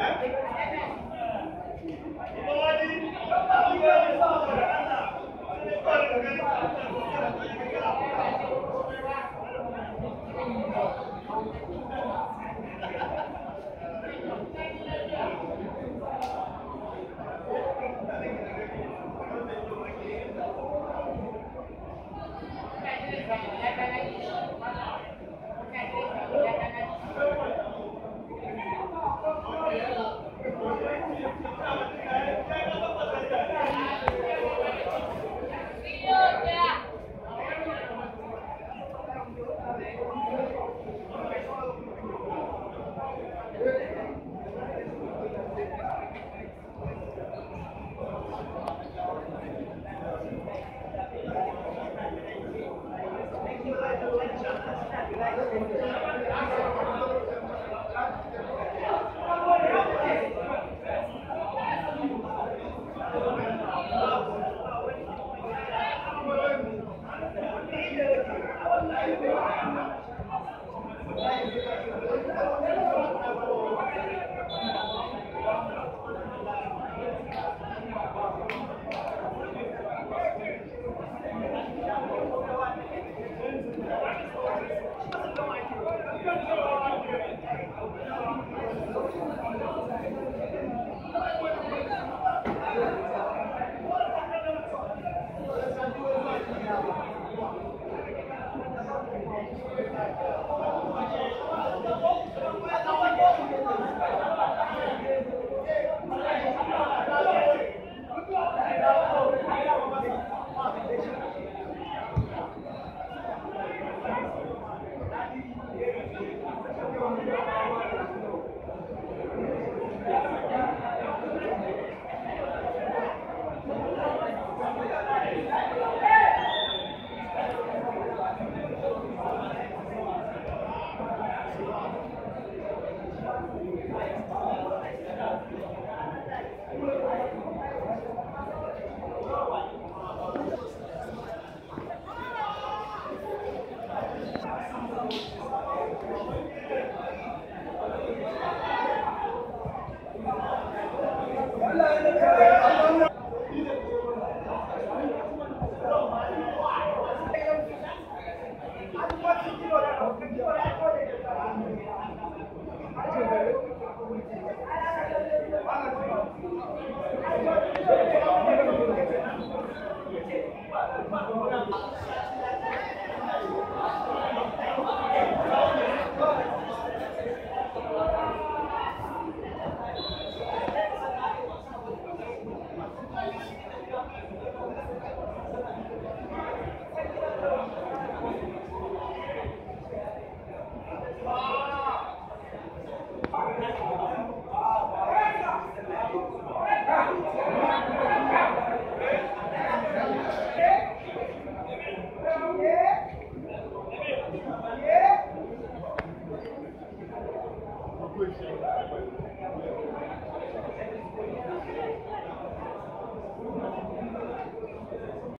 Yeah.